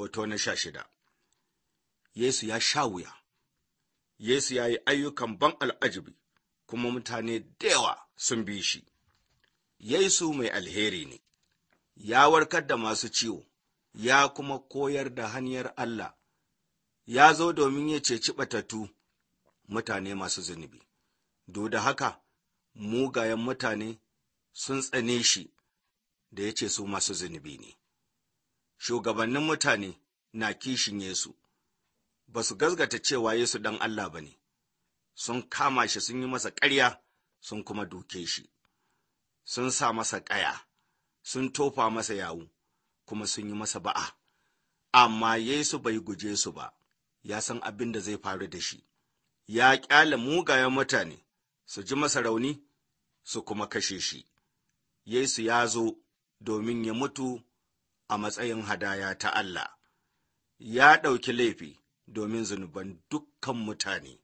Hoto na sha shida Yesu ya sha wuya, Yesu ya yi ayyukan ban al'ajibi, kuma mutane da sun bi shi. Yesu mai alheri ne, ya warkar da masu ciwo, ya kuma koyar da hanyar Allah, ya zo domin ya ceci batattu mutane masu zunubi. Do da haka, mugayen mutane sun tsane shi da ya ce su masu zunubi ne. shugabannin mutane na kishin Yesu, ba su gazgata cewa Yesu ɗan Allah ba ne, sun kama shi sun yi masa ƙarya sun kuma duke shi, sun sa masa ƙaya, sun tofa masa yawu, kuma sun yi masa ba'a, amma Yesu bai guje su ba, ya san abin da zai faru da shi, ya ƙyale mugayen mutane su ji masa rauni su kuma kashe shi. Yesu ya zo domin ya mutu a matsayin hadaya ta Allah, ya ɗauki laifi domin zunuban dukkan mutane.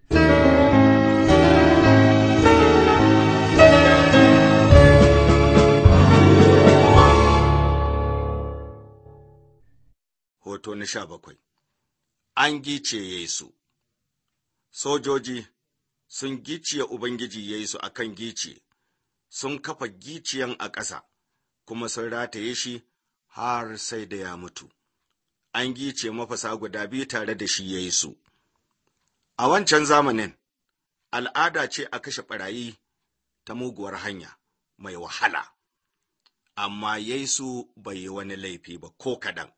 Hoto na sha bakwai An gice Yesu Sojoji sun giciye Ubangiji Yesu a kan gice, sun kafa giciyan a ƙasa, kuma sun rataye shi har sai da ya mutu. An gice mafasa guda biyu tare da shi ya yi su. A wancan zamanin, al'ada ce a kashe ɓarayi ta muguwar hanya mai wahala, amma Yesu bai yi wani laifi ba ko kaɗan,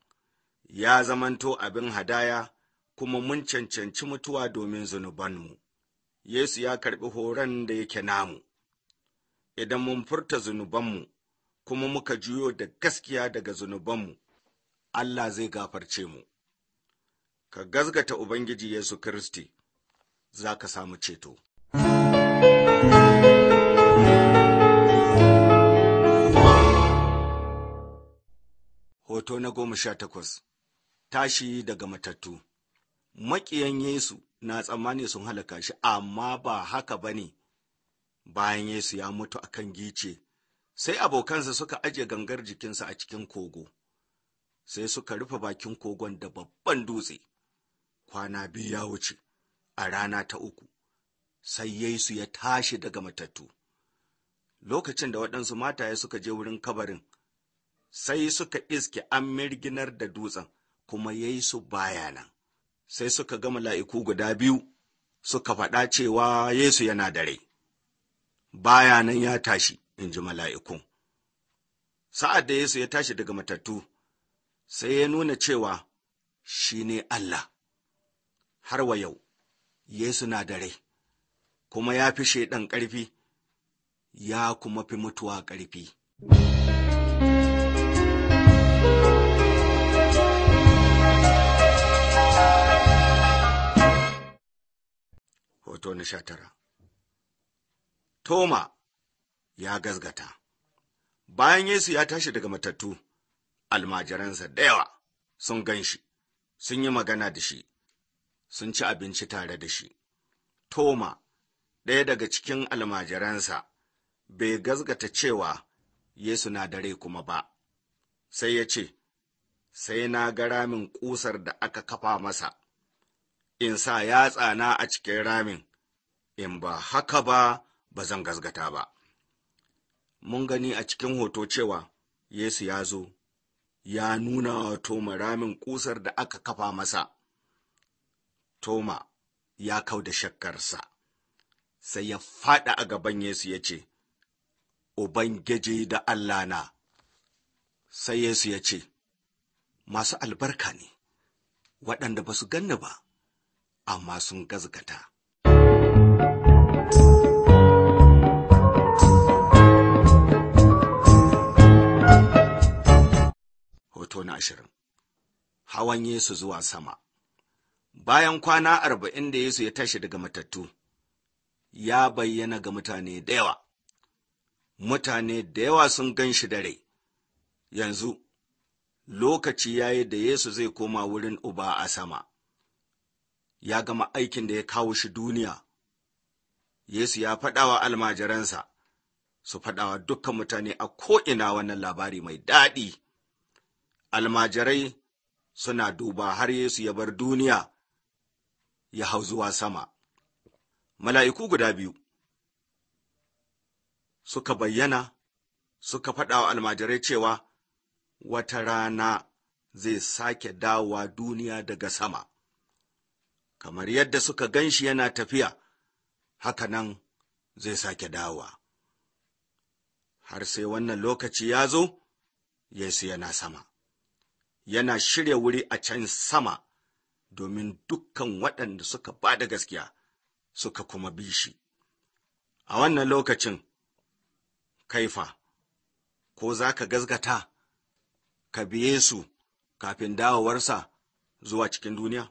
ya zamanto abin hadaya kuma mun cancanci mutuwa domin zunubanmu. Yesu ya karɓi horon da yake namu, idan mun furta zunubanmu, kuma muka juyo da gaskiya daga zunubanmu, Allah zai gafarce mu. Ka gazgata Ubangiji Yesu Kiristi, za ka samu ceto. Hoto na goma sha takwas Tashi daga matattu Maƙiyan Yesu na tsammani sun halaka shi, amma ba haka ba ne bayan Yesu ya mutu a kan gice sai abokansa suka ajiye gangar jikinsa a cikin kogo, sai suka rufe bakin kogon da babban dutse. Kwana biyu ya wuce, a rana ta uku, sai Yesu ya tashi daga matattu. Lokacin da waɗansu mataye suka je wurin kabarin, sai suka iske an mirginar da dutsen, kuma Yesu baya nan. Sai suka ga mala'iku guda biyu, suka faɗa cewa Yesu yana da rai. bayanan ya tashi. in ji mala'iku Sa'ad da Yesu ya tashi daga matattu, sai ya nuna cewa shi ne Allah. Har wa yau, Yesu na da rai, kuma ya fi shaiɗan ƙarfi, ya kuma fi mutuwa ƙarfi. Hoto na sha tara Toma ya gazgata. Bayan Yesu ya tashi daga matattu, almajiransa da yawa sun gan shi, sun yi magana da shi, sun ci abinci tare da shi. Toma, ɗaya daga cikin almajiransa, bai gazgata cewa Yesu na dare kuma ba, sai ya ce, Sai na ga ramin ƙusar da aka kafa masa, in sa yatsana a cikin ramin, in ba haka ba, ba zan gazgata ba. mun gani a cikin hoto cewa Yesu ya zo, ya nuna wa Toma ramin ƙusar da aka kafa masa. Toma ya kau da shakkarsa, sai ya faɗa a gaban Yesu ya ce, Ubangiji da Allah na, sai Yesu ya ce, Masu albarka ne, waɗanda ba su ganni ba, amma sun gazgata. na ashirin. Hawan Yesu zuwa sama Bayan kwana arba'in da Yesu ya tashi daga matattu, ya bayyana ga mutane da yawa. Mutane da yawa sun gan shi da rai. Yanzu, lokaci ya yi da Yesu zai koma wurin Uba a sama. Ya gama aikin da ya kawo shi duniya. Yesu ya faɗawa almajiransa, su faɗawa dukkan mutane a ko'ina wannan labari mai daɗi. almajirai suna duba har Yesu ya bar duniya ya hau zuwa sama. Mala'iku guda biyu suka bayyana suka faɗa wa almajirai cewa wata rana zai sake dawowa duniya daga sama, kamar yadda suka gan shi yana tafiya, haka nan zai sake dawowa. Har sai wannan lokaci ya zo, Yesu yana sama. yana shirya wuri a can sama domin dukkan waɗanda suka ba da gaskiya suka kuma bi shi. A wannan lokacin, kaifa, ko za ka gazgata, ka biye su kafin dawowarsa zuwa cikin duniya,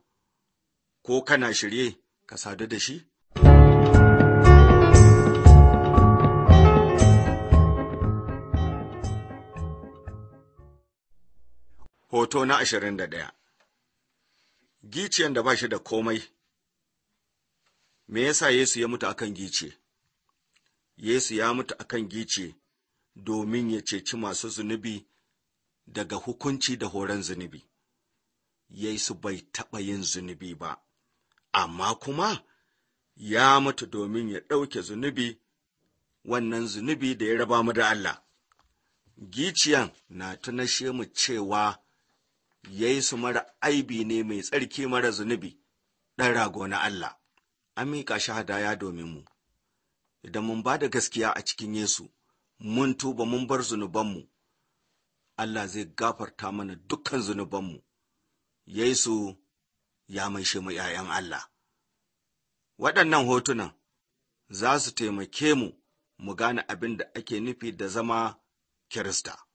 ko kana shirye ka sadu da shi? Hoto na ashirin da ɗaya Giciyan da ba shi da komai Me yasa Yesu ya mutu akan gice? Yesu ya mutu akan gice domin ya ceci masu zunubi daga hukunci da horon zunubi. Yesu bai taɓa yin zunubi ba, amma kuma ya mutu domin ya ɗauke zunubi, wannan zunubi da ya raba mu da Allah. Giciyan na tunashe mu cewa ya yi su mara aibi ne mai tsarki mara zunubi, ɗan rago na Allah, an miƙa shi hadaya domin mu. Idan mun ba da gaskiya a cikin Yesu, mun tuba mun bar zunubanmu, Allah zai gafarta mana dukkan zunubanmu, ya yi su ya maishe mu ’ya'yan Allah. Waɗannan hotunan za su taimake mu mu gane abin da ake nufi da zama Kirista.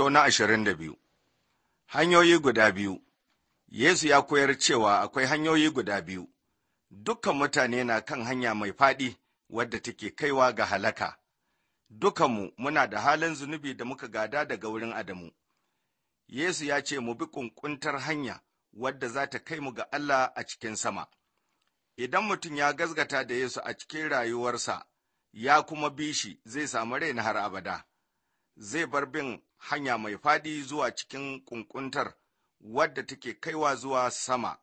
Kato na ashirin da biyu Hanyoyi guda biyu Yesu ya koyar cewa akwai hanyoyi guda biyu, dukan mutane na kan hanya mai faɗi wadda take kaiwa ga halaka. Dukanmu muna da halin zunubi da muka gada daga wurin Adamu. Yesu ya ce mu bi ƙunƙuntar hanya wadda za ta kai mu ga Allah a cikin sama. Idan mutum ya gazgata da Yesu a cikin rayuwarsa, ya kuma bi shi zai samu na har abada. Zai bar bin hanya mai faɗi zuwa cikin ƙunƙuntar wadda take kaiwa zuwa sama.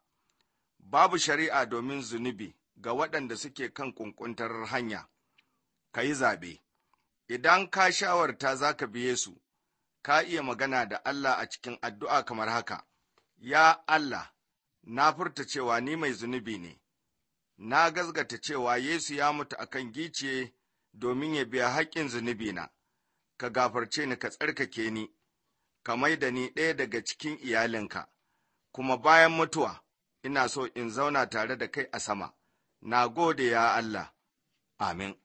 Babu shari'a domin zunubi ga waɗanda suke kan ƙunƙuntar hanya, ka yi zaɓe. Idan ka shawarta za ka biye su, ka iya magana da Allah a cikin addu'a kamar haka, Ya Allah, na furta cewa ni mai zunubi ne, na gazgata cewa Yesu ya mutu akan giciye domin ya biya haƙƙin zunubina. ka gafarce ni ka tsarkake ni, ka mai da ni ɗaya daga cikin iyalinka, kuma bayan mutuwa ina so in zauna tare da kai a sama, na gode ya Allah, amin.